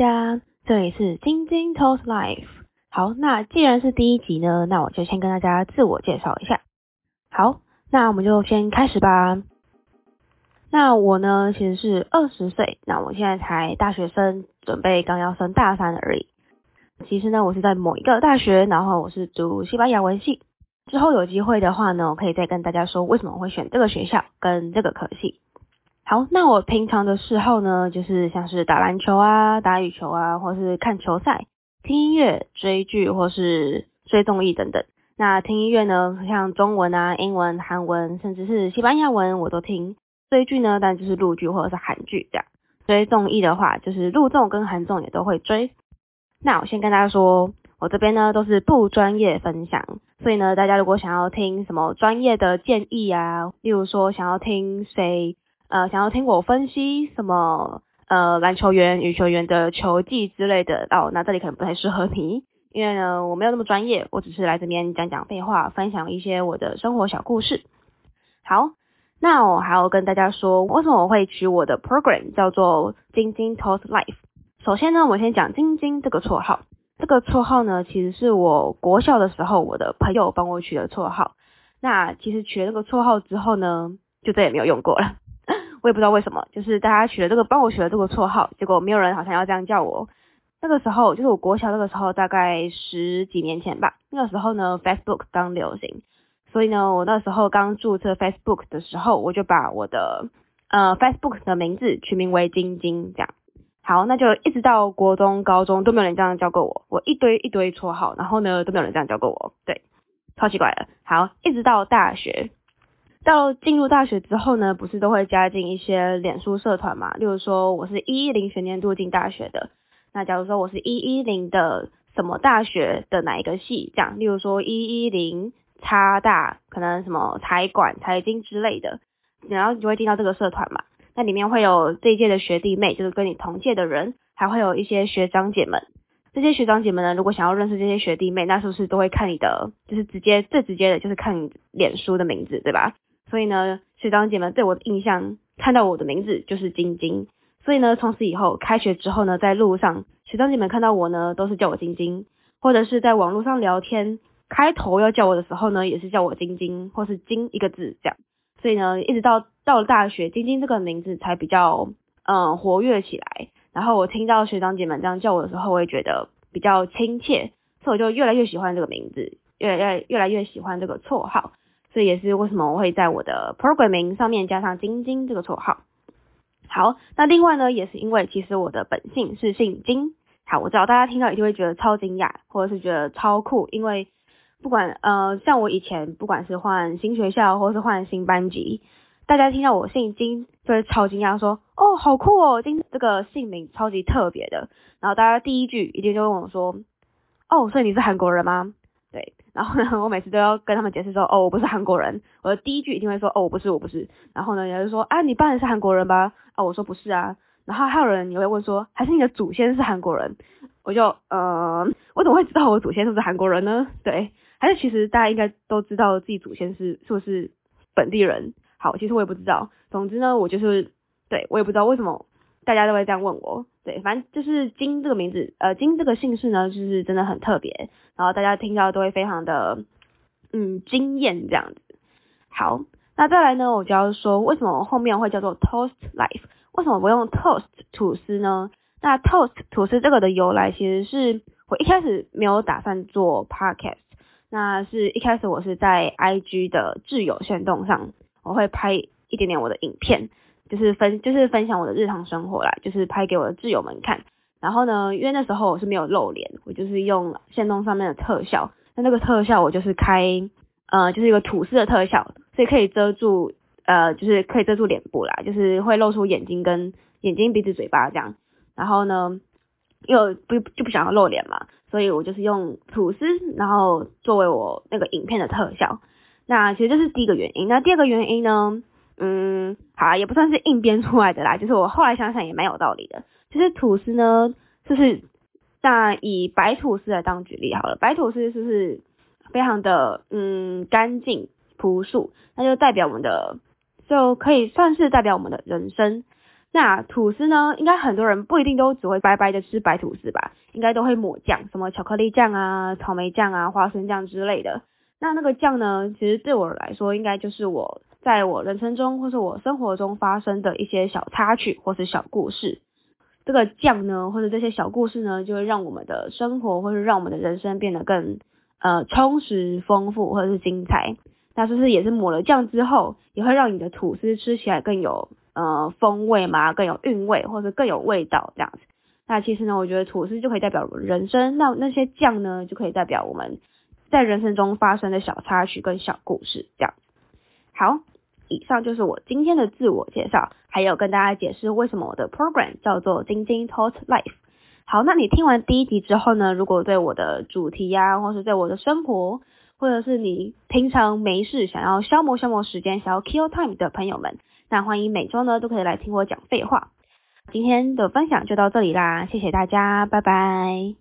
大家，這裡是金金 Toast Life。好，那既然是第一集呢，那我就先跟大家自我介紹一下。好，那我們就先開始吧。那我呢，其實是二十歲，那我現在才大學生，準備剛要升大三而已。其實呢，我是在某一個大學，然後我是讀西班牙文系。之後有機會的話呢，我可以再跟大家說，為什麼我會選這個學校跟這個科系。好，那我平常的嗜好呢，就是像是打籃球啊、打羽球啊，或是看球賽、聽音樂、追劇，或是追綜藝等等。那聽音樂呢，像中文啊、英文、韓文，甚至是西班牙文，我都聽。追劇呢，當然就是陸劇或者是韓劇這樣。追綜藝的話，就是陸綜跟韓綜也都會追。那我先跟大家說，我這邊呢都是不專業分享，所以呢，大家如果想要聽什麼專業的建議啊，例如說想要聽誰。呃，想要聽我分析什麼呃、籃球員、羽球員的球技之類的哦，那這裡可能不太適合你，因為呢我沒有那麼專業，我只是來這邊講講廢話，分享一些我的生活小故事。好，那我還要跟大家說，為什麼我會取我的 program 叫做金金 Toast Life。首先呢，我先講金金這個綽號，這個綽號呢其實是我國小的時候我的朋友幫我取的綽號。那其實取了這個綽號之後呢，就再也沒有用過了。我也不知道為什麼，就是大家取了這個幫我取了這個綽號，結果沒有人好像要這樣叫我。那個時候就是我國小那個時候，大概十幾年前吧。那個時候呢，Facebook 剛流行，所以呢，我那時候剛注冊 Facebook 的時候，我就把我的呃 Facebook 的名字取名為金金，這樣。好，那就一直到國中、高中都沒有人這樣叫過我，我一堆一堆綽號，然後呢都沒有人這樣叫過我，對，超奇怪的。好，一直到大學。到進入大學之後呢，不是都會加進一些臉書社團嘛？例如說，我是一一零學年度進大學的。那假如說我是一一零的什麼大學的哪一個系這樣，例如說一一零差大，可能什麼財管、財經之類的，然後你就會進到這個社團嘛。那裡面會有這一屆的學弟妹，就是跟你同屆的人，還會有一些學長姐們。這些學長姐們呢，如果想要認識這些學弟妹，那是不是都會看你的，就是直接最直接的就是看你臉書的名字，對吧？所以呢，學長姐們對我的印象，看到我的名字就是“金金”。所以呢，從此以後，開學之後呢，在路上學長姐們看到我呢，都是叫我“金金”，或者是在網絡上聊天，開頭要叫我的時候呢，也是叫我“金金”或是“金”一個字這樣。所以呢，一直到到了大學，“金金”這個名字才比較嗯活躍起來。然後我聽到學長姐們這樣叫我的時候，我也覺得比較親切，所以我就越來越喜歡這個名字，越來越越來越喜歡這個綽號。這也是為什麼我會在我的 programming 上面加上金金這個綽號。好，那另外呢，也是因為其實我的本姓是姓金。好，我知道大家聽到一定會覺得超驚訝，或者是覺得超酷，因為不管呃像我以前不管是換新學校或是換新班級，大家聽到我姓金就會超驚訝，說哦好酷哦，金這個姓名超級特別的。然後大家第一句一定就問我說，哦，所以你是韓國人嗎？對。然後呢，我每次都要跟他們解釋說，哦，我不是韓國人。我的第一句一定會說，哦，我不是，我不是。然後呢，有人說，啊，你爸是韓國人吧？啊、哦，我說不是啊。然後還有人也會問說，還是你的祖先是韓國人？我就，呃，我怎麼會知道我祖先是不是韓國人呢？對，還是其實大家應該都知道自己祖先是是不是本地人。好，其實我也不知道。總之呢，我就是，對，我也不知道為什麼。大家都會這樣問我，對，反正就是金這個名字，呃，金這個姓氏呢，就是真的很特別，然後大家聽到都會非常的，嗯，驚艷這樣子。好，那再來呢，我就要說為什麼我後面會叫做 Toast Life，為什麼不用 Toast 吐司呢？那 Toast 吐司這個的由來，其實是我一開始沒有打算做 podcast，那是一開始我是在 IG 的摯友限動上，我會拍一點點我的影片。就是分就是分享我的日常生活啦，就是拍給我的摯友們看。然後呢，因為那時候我是沒有露臉，我就是用限動上面的特效。那那個特效我就是開，呃，就是一個吐司的特效，所以可以遮住，呃，就是可以遮住臉部啦，就是會露出眼睛跟眼睛、鼻子、嘴巴這樣。然後呢，又不就不想要露臉嘛，所以我就是用吐司，然後作為我那個影片的特效。那其實這是第一個原因。那第二個原因呢？嗯，好，也不算是硬編出來的啦，就是我後來想想也蠻有道理的。其實吐司呢，就是，那以白吐司來當舉例好了，白吐司就是非常的嗯乾淨樸素，那就代表我們的就可以算是代表我們的人生。那吐司呢，應該很多人不一定都只會白白的吃白吐司吧，應該都會抹醬，什麼巧克力醬啊、草莓醬啊、花生醬之類的。那那個醬呢，其實，對我來說，應該就是我在我人生中，或是我生活中發生的一些小插曲，或是小故事。這個醬呢，或者這些小故事呢，就會讓我們的生活，或是讓我們的人生變得更呃充實、豐富，或者是精彩。那是不是也是抹了醬之後，也會讓你的吐司吃起來更有呃風味嘛，更有韻味，或者更有味道這樣子。那其實呢，我覺得吐司就可以代表人生，那那些醬呢，就可以代表我們在人生中發生的小插曲跟小故事，這樣。好，以上就是我今天的自我介紹，還有跟大家解釋為什麼我的 program 叫做金金 toast life。好，那你聽完第一集之後呢，如果對我的主題呀、啊，或是對我的生活，或者是你平常沒事想要消磨消磨時間，想要 kill time 的朋友們，那歡迎每周呢都可以來聽我講廢話。今天的分享就到這裡啦，謝謝大家，拜拜。